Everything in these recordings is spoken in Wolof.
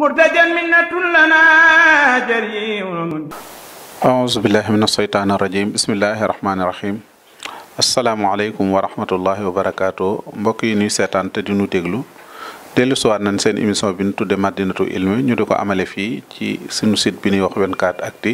murtajan minnatun lana jariun auzu billahi min asheytaani rajim bismillahi rahmaani rahim asalaamaaleykum wa rahmatullahi wa barakaatu mbokk yi ñuy seetaan te di ñu déglu dellu siwaat nañ seen émission bi ñu tudde madinatu ilmi ñu di ko amale fii ci suñu site bi ñuy wax 24 actu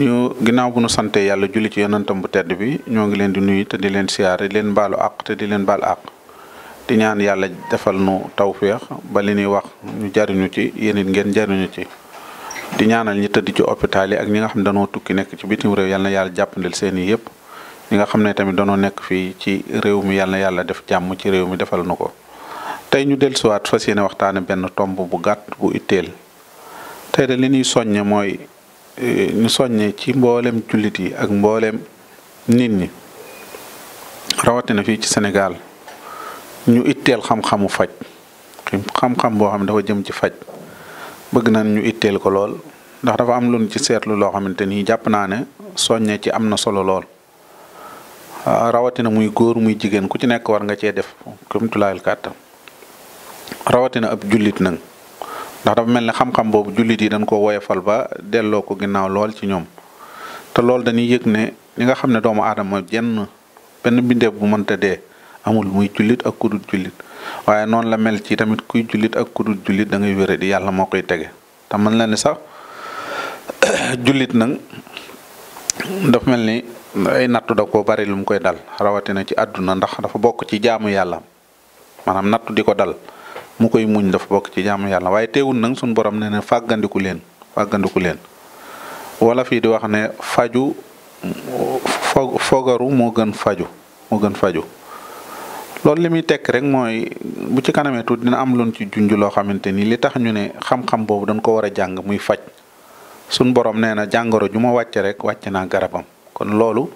ñu ginnaaw bu nu sante yàlla julli ci yonantam bu tedd bi ñoo ngi leen di nuyu te di leen siyaare leen baalu àq te di leen baal àq di ñaan yàlla defal nu tawféex ba li ñuy wax ñu jariñu ci yéen ngeen jariñu ci di ñaanal ñi tëdd ci hôpital yi ak ñi nga xam ne danoo tukki nekk ci bitim réew yal na yàlla jàppandil seen i yëpp ñi nga xam ne tamit danoo nekk fii ci réew mi yal yàlla def jàmm ci réew mi defal nu ko tey ñu dellusiwaat fas yéene waxtaane benn tomb bu gàtt bu itteel tey de li ñuy soññe mooy e, ñu soññe ci mboolem jullit yi ak mbooleem nit ñi rawatina fii ci senegal ñu itteel xam-xamu faj xam-xam boo xam ne dafa jëm ci faj bëgg na ñu itteel ko lool ndax dafa am lu ci seetlu loo xamante ni jàpp naa ne soññe ci am na solo lool ah, rawatina muy góor muy jigéen ku ci nekk war nga cee def comme tulaayal kàttan rawatina ab julit nag ndax dafa mel ne xam-xam boobu jullit yi dañ ko fal ba delloo ko ginnaaw lool ci ñoom te loolu dañuy yëg ne li nga xam ne doomu aadama jenn benn bindeef bu mënta dee amul muy jullit ak kudut jullit waaye noonu la mel ci tamit kuy ak kudut da ngay wéré di yàlla moo koy tege te mën la ne sax julit nag daf mel ni ay nattu da ko bari lu mu koy dal rawatina ci àdduna ndax dafa bokk ci jaamu yàlla maanaam nattu di ko dal mu koy muñ dafa bokk ci jaamu yàlla waaye teewun nag suñu borom nee na fàggandiku leen fàggandiku leen wala fii di wax ne faju fogaru moo gën faju moo gën faju loolu li muy tekk rek mooy bu ci kanamee tuuti dina am loon ci junj loo xamante ni li tax ñu ne xam-xam boobu dañ ko war a jàng muy faj suñ borom nee na jàngoro ju ma wàcce rek wàcce naa garabam kon loolu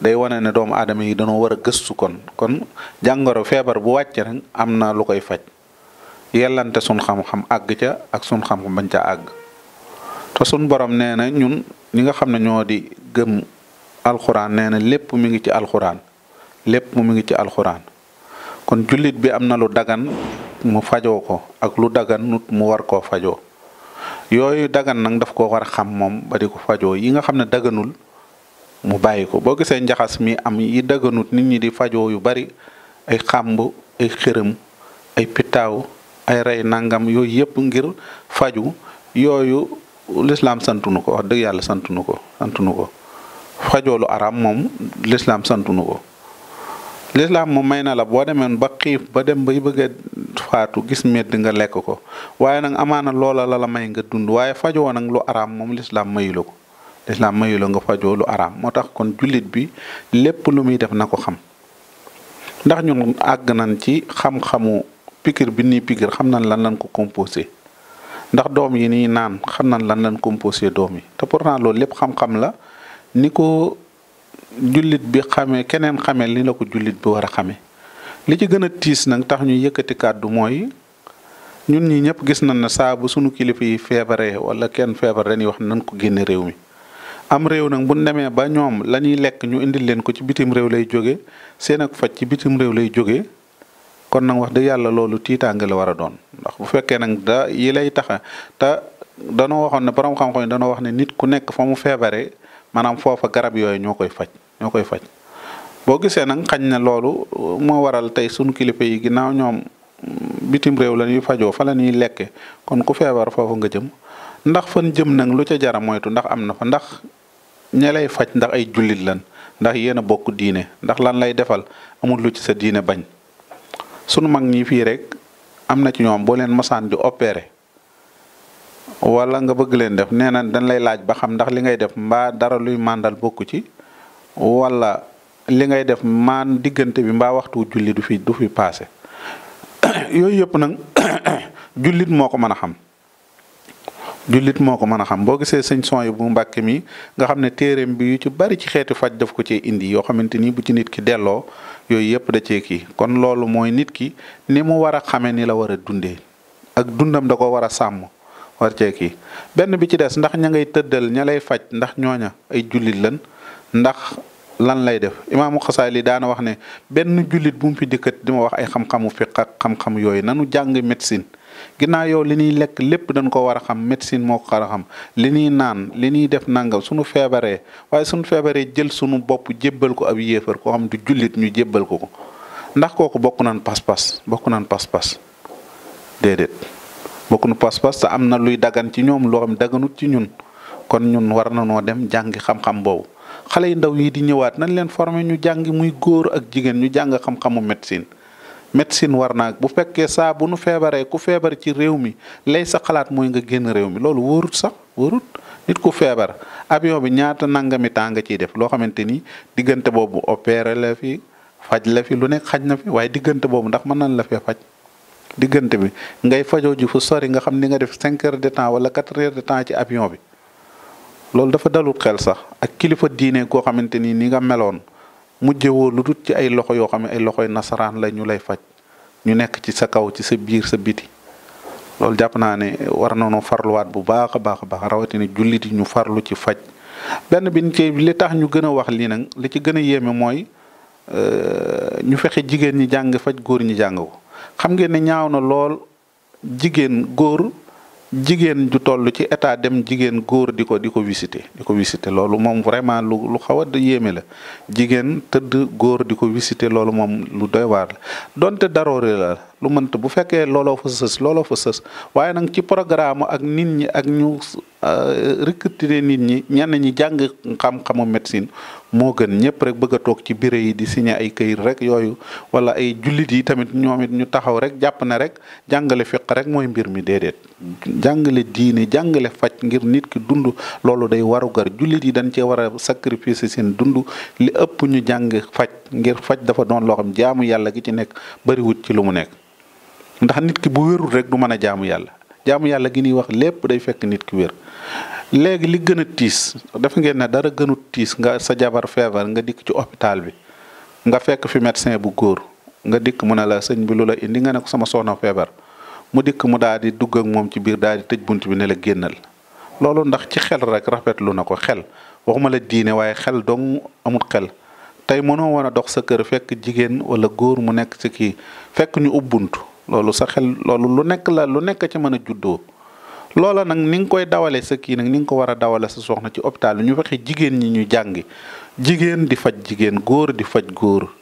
day wane ne doomu aadama yi dañoo war a gëstu kon kon jàngoro feebar bu wàcce rek am na lu koy faj yellante sun xam-xam àgg ca ak sun xam-xam bañ ca àgg te sun borom nee na ñun ñi nga xam ne ñoo di gëm alxuraan nee na lépp mu ngi ci alxuraan lépp mu ngi ci alxuraan. kon jullit bi am na lu dagan mu fajo ko ak lu daganut mu war koo fajo yooyu dagan nag daf ko war a xam moom ba ko fajo yi nga xam ne daganul mu bàyyi ko boo gisee njaxas mi am yi daganut nit ñi di fajoo yu bari ay xàmb ay xërëm ay pitaaw ay rey nangam yooyu yëpp ngir faju yooyu lislaam santunu ko wax dëgg yàlla santunu ko santunu ko fajoolu araam moom lislaam santunu ko lislaam moom may na la boo demee ba xiif ba dem bay bëgg a faatu gis medd nga lekk ko waaye nag amaana loola la la may nga dund waaye fajoo nag lu araam moom lislaam mayu la ko lislaam mayu la nga fajoo lu araam moo tax kon jullit bi lépp lu muy def na ko xam ndax ñun àgg nañ ci xam-xamu pikir bi ni pikir xam nañ lan lañ ko composé ndax doom yi nii naan xam nañ lan lañ composé doom yi te pourtant loolu lépp xam-xam la ni ko jullit bi xamee keneen xamee li la ko jullit bi war a xamee li ci gën a tiis nag tax ñu yëkkati kàddu mooy ñun ñi ñëpp gis nañ ne saa sunu kilifa yi feebare wala kenn feebar dañuy wax nañ ko génne réew mi. am réew nag bu ñu ba ñoom la lekk ñu indil leen ko ci bitim réew lay jóge seen ak faj ci bitim réew lay jóge kon nag wax dëgg yàlla loolu tiitaange la war a doon ndax bu fekkee nag da lay taxa te waxoon ne borom xam-xam danoo wax ne nit ku nekk fa mu feebaree. maanaam foofa garab yooyu ñoo koy faj ñoo koy faj boo gisee nag xañ na loolu moo waral tey sunu kilifa yi ginnaaw ñoom mm, bitim réew la ñuy fajoo fa la ñuy lekke kon ku feebar foofu nga jëm ndax fan jëm nag lu ca jara moytu ndax am na fa ndax ña faj ndax ay jullit lan ndax yéen a bokk diine ndax lan lay defal amul lu ci sa diine bañ sunu mag ñi fii rek am na ci ñoom boo leen masaan di opeere wala nga bëgg leen def nee na dañ lay laaj ba xam ndax li ngay def mbaa dara luy màndal bokku ci wala li ngay def maan diggante bi mbaa waxtu julli du fi paase yooyu yëpp nag jullit moo ko mën a xam jullit moo ko mën a xam boo gisee sëñ son yi bu mbàkke mi nga xam ne téere bi ci bari ci xeeti faj def ko ci indi yoo xamante ni bu ci nit ki delloo yooyu yëpp da cee kii kon loolu mooy nit ki ni mu war a xamee ni la war a dundee ak dundam da ko war a sàmm war cee kii benn bi ci des ndax ña ngay tëddal ña lay faj ndax ñooña ay jullit lan ndax lan lay def imaamu xasaali daana wax ne benn jullit bu mu fi dikkat di ma wax ay xam-xamu fiq ak xam-xam yooyu nanu jàng médecine ginnaaw yow li ñuy lekk lépp dañ ko war a xam médecine moo ko a xam li ñuy naan li ñuy def nangam suñu feebaree waaye suñu feebaree jël sunu bopp jébbal ko ab yéefar koo xam du jullit ñu jébbal ko ko ndax kooku bokk naan pas-pas bokk naan pas bokk nu pas-pas te am na luy dagan ci ñoom loo xam daganut ci ñun kon ñun war na noo dem jàngi xam-xam boobu xale yu ndaw yi di ñëwaat nañ leen former ñu jàngi muy góor ak jigéen ñu jàng xam-xamu médecine médecine war naa bu fekkee saa bu nu feebaree ku feebar ci réew mi lay sa xalaat mooy nga génn réew mi loolu wóorut sax wóorut nit ku feebar avion bi ñaata nangami temps nga ciy def loo xamante ni diggante boobu opéré la fi faj la fi lu nekk xaj na fi waaye diggante boobu ndax mën nañ la fee faj. diggante bi ngay fajoo ji fu sori nga xam ni nga def cinq heures de temps wala quatre heures de temps ci avion bi loolu dafa dalut xel sax ak kilifa diine koo xamante ni ni nga meloon mujje woo lu dut ci ay loxo yoo xam ne ay loxoy nasaraan la ñu lay faj ñu nekk ci sa kaw ci sa biir sa biti loolu jàpp naa ne war nañoo farluwaat bu baax a baax a baax rawatina jullit yi ñu farlu ci faj benn bi ci li tax ñu gën a wax lii nag li ci gën a yéeme mooy euh, ñu fexe jigéen ñi jàng faj góor ñi jàng xam ngeen ne ñaaw na lool jigéen góor jigéen ju toll ci état dem jigéen góor di ko di ko visiter di loolu moom vraiment lu lu xaw a yéeme la jigéen tëdd góor di ko visiter loolu moom lu doy la donte daroore la lu mënta bu fekkee loolo fa sës looloo fa sës waaye nag ci programme ak nit ñi ak ñu euh, recruter nit ñi ñenn ñi jàng xam-xamu médecine moo gën ñëpp rek bëgg a toog ci bire yi di signé ay këyit rek yooyu wala ay jullit yi tamit ñoom it ñu taxaw rek jàpp na rek jàngale fiq rek mooy mbir mi déedéet jàngale diine jàngale faj ngir nit ki dund loolu day warugar jullit yi dañ cee war a sacrifice seen dund li ëpp ñu jàng faj ngir faj dafa doon loo xam jaamu yàlla gi ci nekk bariwut ci lu mu nekk ndax nit ki bu wérul rek du mën a jaamu yàlla jaamu yàlla gi ñuy wax lépp day fekk nit ki wér léegi li gën a tiis def ngeen ne dara gënu tiis nga sa jabar feebar nga dikk ci hôpital bi nga fekk fi médecin bu góor nga dikk mu ne la sëñ bi lu la indi nga ne ko sama soxna feebar mu dikk mu daal di dugg moom ci biir daal di tëj bunt bi ne la génnal loolu ndax ci xel rek rafetlu na ko xel waxuma la diine waaye xel dong amul xel tey mënoo woon a dox sa kër fekk jigéen wala góor mu nekk ci kii fekk ñu ub ubbunt loolu sa xel loolu lu nekk la lu nekk ci mën a juddoo loola nag ni nga koy dawale sa kii nag ni nga ko war a dawale sa soxna ci hôpital ñu fexe jigéen ñi ñu jàngi jigéen di faj jigéen góor di faj góor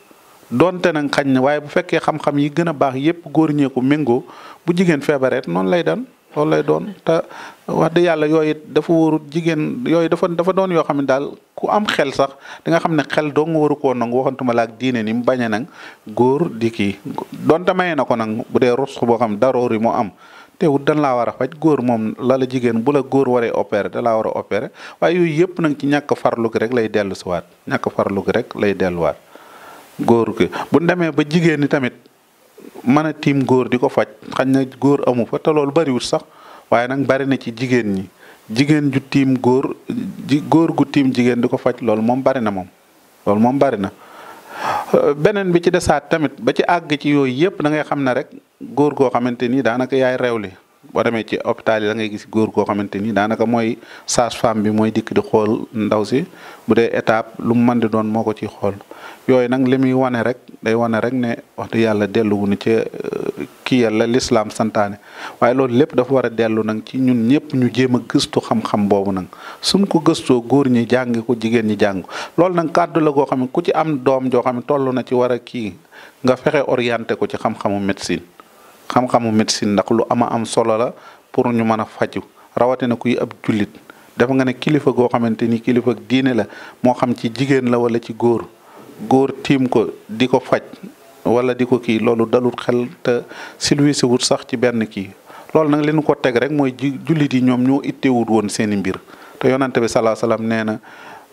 donte nag xañ na waaye bu fekkee xam-xam yi gën a baax yépp góor ñee ko méngoo bu jigéen feebareet noonu lay dan loolu lay doon te wax yàlla yooyu dafa wóorut jigéen yooyu dafa dafa doon yoo xam daal bu am xel sax di nga xam ne xel dong waru koo nangu waxantuma laak diine ni mu bañ a nang góor di don ta maye na ko nang bu dee rus boo xam daroori moo am teewut dan laa war a faj góor moom la la jigéen bu la góor waree opéré dala laa war a opéré waaye yooyu yëpp nag ci ñàkk farlu rek lay dellu si waat rek lay delluwaat góor gi bu demee ba jigéen ñi tamit mën a tiim góor di ko faj xañ na góor amu fa lool loolu bariwul sax waaye nag bari na ci jigéen ñi jigéen ju tiim góor ji góor gu tiim jigéen di ko faj loolu moom bari na moom loolu moom bari na euh, beneen bi ci desaat tamit ba ci àgg ci yooyu yëpp da ngay xam ne rek góor goo xamante ni daanaka yaay réew li boo demee ci hôpital yi da ngay gis góor goo xamante ni daanaka mooy sage-femme bi mooy dikk di xool ndaw si bu dee étape lu mu mën di doon moo ko ciy xool yooyu nag li muy wane rek day wane rek ne wax dëgg yàlla delluwu na ci euh, kii yàlla lislaam santaane waaye loolu lépp dafa war a dellu nag ci ñun ñëpp ñu jéem a gëstu xam-xam boobu nag suñ ko gëstoo góor ñi jàng ko jigéen ñi jàng loolu nag kàddu la goo xam ne ku ci am doom joo xam ne toll na ci war a kii nga fexe orienté ko ci xam-xamu médecine xam-xamu médecine ndax lu ama am solo la pour ñu mën a faju rawatina kuy ab jullit dafa nga ne kilifa goo xamante ni kilifa diine la moo xam ci jigéen la wala ci góor góor tiim ko di ko faj wala di ko kii loolu dalul xel te silvise wut sax ci benn kii loolu nag leen ko teg rek mooy ji jullit yi ñoom ñoo ittewut woon seeni mbir te yonante bi salaa salaam nee na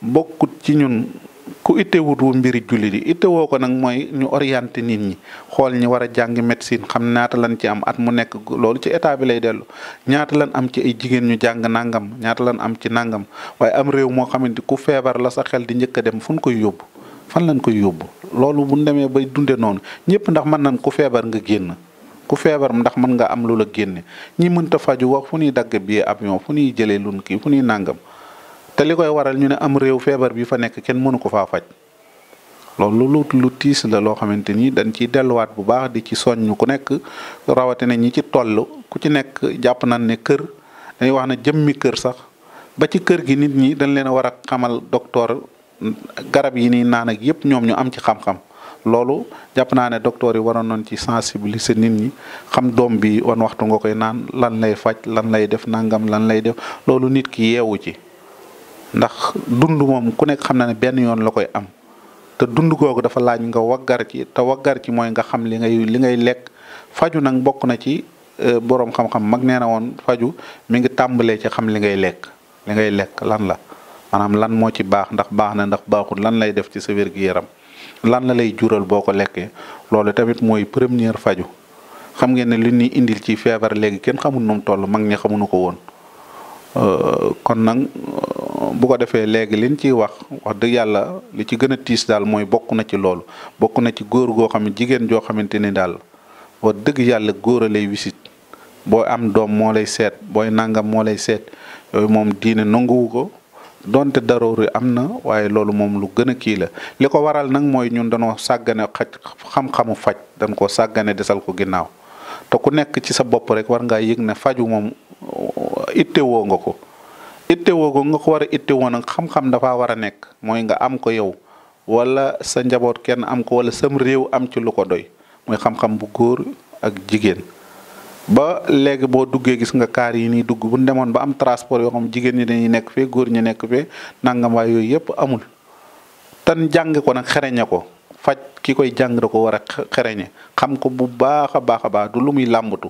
bokkut ci ñun ku ittewut wu mbiri jullit yi ittewoo ko nag mooy ñu orienté nit ñi xool ñi war a jàng médecine xam ñaata lan ci am at mu nekk loolu ci état bi lay dellu ñaata lan am ci ay jigéen ñu jàng nangam ñaata lan am ci nangam waaye am réew moo xamante ku feebar la sa xel di njëkk a dem fu ñu koy yóbbu fan lañ koy yóbbu loolu bu ñu demee bay dunde noonu ñëpp ndax mën nañ ku feebar nga génn ku feebar ndax mën nga am lu la génne ñi mënta faju wax fu ñuy dagg bi avion fu ñuy jëlee lun kii fu ñuy nangam. te li koy waral ñu ne am réew feebar bi fa nekk kenn mënu ko faa faj loolu lu tiis la loo xamante ni dañ ciy delluwaat bu baax di ci ñu ku nekk rawatina ñi ci toll ku ci nekk jàpp nañ ne kër dañuy wax na jëmmi kër sax ba ci kër gi nit ñi dañ leen a war a xamal docteur garab yi nii naan ak yépp ñoom ñu am ci xam-xam loolu jàpp naa ne docteur yi waroon nañ ci sensibiliser nit ñi xam doom bi wan waxtu nga koy naan lan lay faj lan lay def nangam lan lay def loolu nit ki yeewu ci. ndax dund moom ku nekk xam na ne benn yoon la koy am te dund googu dafa laaj nga waggar ci te waggar ci mooy nga xam li ngay li ngay lekk faju nag bokk na ci euh, boroom xam-xam mag nee na woon faju mi ngi tàmbalee ci xam li ngay lekk li ngay lekk lan la maanaam lan moo ci baax ndax baax na ndax baaxul lan lay def ci sa wér yaram lan la lay jural boo ko lekkee loolu tamit mooy première faju xam ngeen ne li ñuy indil ci feebar léegi kenn xamul nu mu toll mag ñi xamuñu ko woon euh, kon nag bu ko defee léegi liñ ciy wax wax dëgg yàlla li ci gën a tiis daal mooy bokk na ci loolu bokk na ci góor goo xam ne jigéen joo xamante ni daal wax dëgg yàlla góor a lay wisit booy am doom moo lay seet booy nangam moo lay seet yooyu moom diine nanguwu ko donte daroori am na waaye loolu moom lu gën a kii la li ko waral nag mooy ñun dañoo sàggane xaj xam-xamu faj dañ koo sàggane desal ko ginnaaw te ku nekk ci sa bopp rek war ngaa yëg ne faju moom ittewoo nga ko ittewoo ko nga ko war a ittewoo nag xam-xam dafa war a nekk mooy nga am ko yow wala sa njaboot kenn am ko wala sam réew am ci lu ko doy mooy xam-xam bu góor ak jigéen ba léegi boo duggee gis nga kaar yi nii dugg bu ñu demoon ba am transport yoo xam jigéen ñi dañuy nekk fee góor ñi nekk fee nangam waay yooyu yëpp amul tan jàng ko nag xereñe ko faj ki koy jàng ko war a xereñe xam ko bu baax a baax a baax du lu muy làmbatu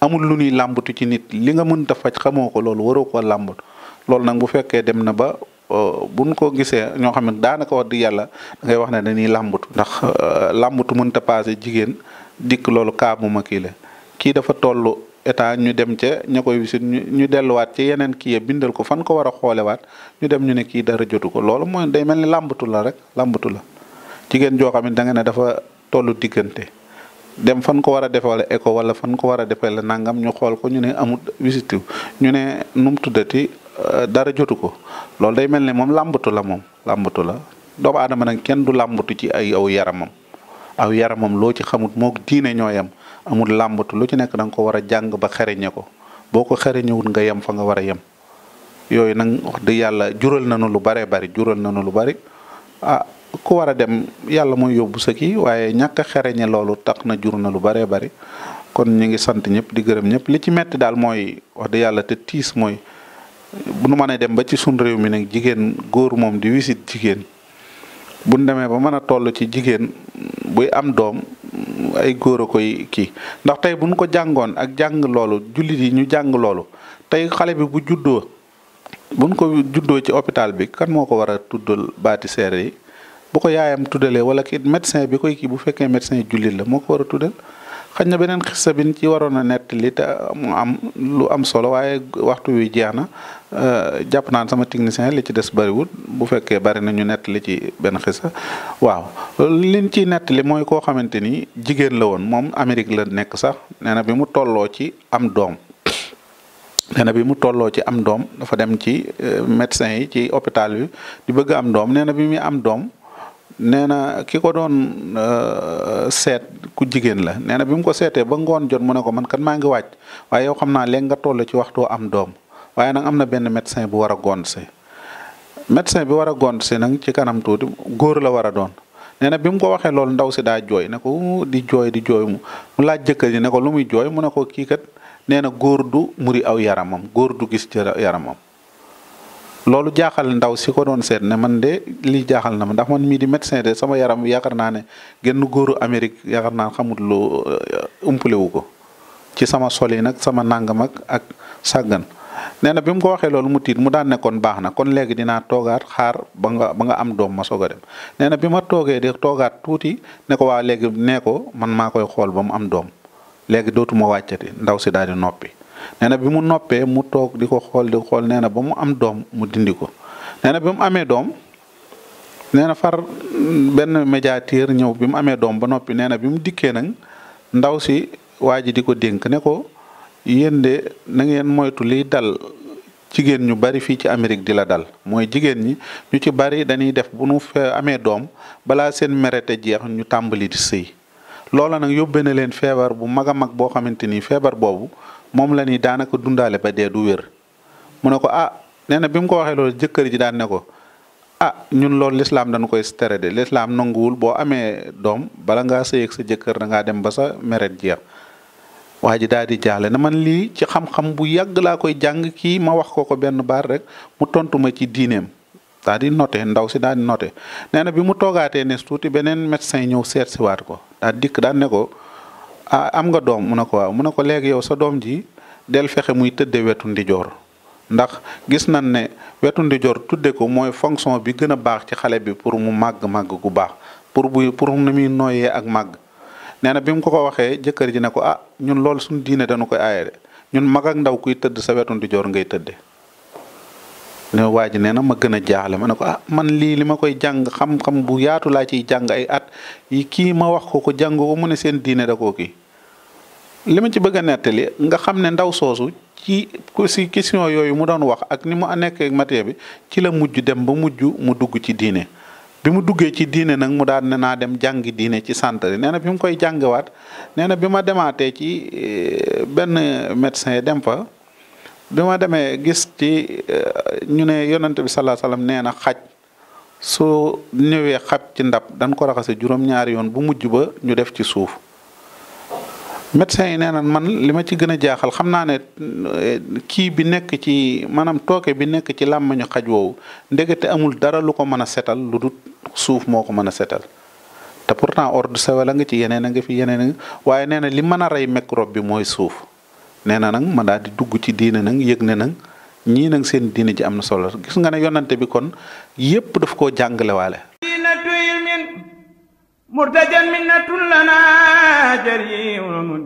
amul lu ñuy làmbatu ci nit li nga mënta faj xamoo ko loolu waroo ko làmbatu loolu nag bu fekkee dem na ba euh, buñ ko gisee ñoo xam ne daanaka wax di yàlla ngay wax ne dañuy làmbatu ndax euh, làmbatu mënta paase jigéen dikk loolu kaamu ma kii la kii dafa toll état ñu dem ca ña koy wisit ñu delluwaat ci yeneen kii ya ko fan ko war a xoolewaat ñu dem ñu ne kii dara jotu ko loolu mooy day mel ni làmbatu la rek làmbatu la jigéen joo xam ne da nga ne dafa tollu diggante dem fan ko war a defee wala wala fan ko war a defee la nangam ñu xool ko ñu ne amut visite ñu ne nu mu dara jotu ko loolu day mel ne moom làmbatu la moom làmbatu la doomu aadama nag kenn du làmbatu ci ay aw yaramam aw yaramam loo ci xamut mook diine ñooyam amul làmbatu lu ci nekk da nga ko war a jàng ba xereñe ko boo ko xereñewut nga yem fa nga war a yem yooyu nag wax dëgg yàlla jural nañu lu bare bari jural nañu lu bari a ah, ku war a dem yàlla mooy yóbbu sa waaye ñàkk xereñe loolu tax na jur na lu bare bari kon ñu ngi sant ñëpp di gërëm li ci metti daal mooy wax dëgg yàlla te tiis mooy bu nu mënee dem ba ci sun réew mi nag jigéen góor moom di wisit jigéen bu nu demee ba mën a toll ci jigéen buy am doom ay góor a koy kii ndax tey bu nu ko jàngoon ak jàng loolu jullit yi ñu jàng loolu tey xale bi bu juddoo bu nu ko juddoo ci hôpital bi kan moo ko war a tuddal baati seere yi bu ko yaayam tuddalee wala ki médecin bi koy kii bu fekkee médecin jullit la moo ko war a tuddal. xaj na beneen xissa bin ci waroon a nettali te am lu am solo waaye waxtu wi jeex na euh, jàpp naan sama technicien li ci des bariwul bu fekkee bari na ñu nettali ci benn xissa waaw liñ ciy nettali mooy koo xamante ni jigéen la woon moom Amérique la nekk sax neena bi mu tolloo ci am doom nee bi mu tolloo ci am doom dafa dem ci euh, médecin yi ci hôpital bi di bëgg am doom nee na bi muy am doom nee na ki ko doon uh, seet ku jigéen la nee na bi mu ko seetee ba ngoon jot mu ne ko man kat maa ngi wàcc waaye yow xam naa leeg nga la ci waxtu am doom waaye nag am na benn médecin bu war a gond si médecin bi war a gond nag ci kanam tuuti góor la war a doon nee na bi mu ko waxee loolu ndaw si daa jooy ne ko di jooy di jooy mu laaj jëkkër ji ne ko lu muy jooy mu ne ko kii kat nee na góor du muri aw yaramam góor du gis jër yaramam loolu jaaxal ndaw si ko doon seet ne man de li jaaxal na ma ndax man mii di médecin de sama yaram yaakaar naa ne genn góoru Amérique yaakaar naa xamut lu euh, umpale wu ko ci sama sol yi nag sama nangam ak ak sàggan nee na bi mu ko waxee loolu mu tiit mu daan nekkoon baax na kon léegi dinaa toogaat xaar ba nga ba nga am doom ma soog a dem nee na bi ma toogee di toogaat tuuti ne ko waa léegi nee ko man maa koy xool ba mu am doom léegi dootuma wàccati ndaw si daal noppi. nee bi mu noppee mu toog di ko xool di xool nee na ba mu am doom mu dindi ko nee bi mu amee doom nee na far benn médiateur ñëw bi mu amee doom ba noppi nee na bi mu dikkee nag ndaw si waa ji di ko dénk ne ko yéen de na ngeen moytu liy dal jigéen ñu bari fii ci Amérique di la dal mooy jigéen ñi ñu ci bari dañuy def bu nu amee doom balaa seen merete jeex ñu tàmbali di sëy loola nag yóbbee na leen feebar bu mag a mag boo xamante ni feebar boobu moom la ni daanaka dundaale ba dee du wér mu ne ko ah nee na bi ko waxee loolu jëkkër ji daan ne ko ah ñun loolu lislaam dañu koy tere de lislaam nanguwul boo amee doom bala ngaa sëyeeg sa jëkkër da ngaa dem ba sa meret jeex waa ji daal di jaaxle na man lii ci xam-xam bu yàgg laa koy jàng kii ma wax ko ko benn baat rek mu tontu ma ci diineem daal di noté ndaw si daal di noté nee na bi mu toogaatee nes tuuti beneen médecin ñëw seet siwaat ko daal dikk daan ne ko ah am nga doom mun ne ko waaw mu ne ko léegi yow sa doom ji del fexe muy tëdde wetu ndijoor ndax gis nañ ne wetu ndijoor tudde ko mooy fonction bi gën a baax ci xale bi pour mu màgg màgg gu baax pour bu pour ni muy nooyee ak màgg nee na bi mu ko ko waxee jëkkër ji ne ko ah ñun lool suñu diine dañu koy aaye de ñun mag ak ndaw kuy tëdd sa wetu ndijoor ngay tëdde ne waa ji nee na ma gën a jaaxle ma ne ko ah, man lii li ma koy jàng xam bu yaatu laa ciy jàng ay at yi kii ma wax ko ko jàng ko mu ne seen diine da koo kii li ma ci bëgg a nettali nga xam ne ndaw soosu ci si question yooyu mu doon wax ak ni mu nekkee matière bi ci la mujj dem ba mujj mu dugg ci diine bi mu duggee ci diine nag mu daan ne naa dem jàngi diine ci centre nee na bi mu koy jàngiwaat nee na bi ma demaatee ci eh, benn médecin dem fa. bi ma demee gis ci euh, ñu ne yonante bi sallallahu alayhi wasallam nee na xaj soo ñëwee xab ci ndab dañ ko raxase juróom-ñaari yoon bu mujj ba ñu def ci suuf médecins yi nee na man li ma ci gën a jaaxal xam naa ne euh, kii bi nekk ci maanaam tooke bi nekk ci làmmañu xaj woowu ndegete amul dara lu ko mën a setal lu dul suuf moo ko mën a setal te pourtant ordre sewel a nga ci yeneen a nga fi yeneen a nga waaye nee na li mën a rey microbe bi mooy suuf nee na nag ma daal di dugg ci diine nag yëg ne nag ñii nag seen diine ji am na solo gis nga ne yonante bi kon yépp daf koo jàngale waale murtajan minnatun lana jariun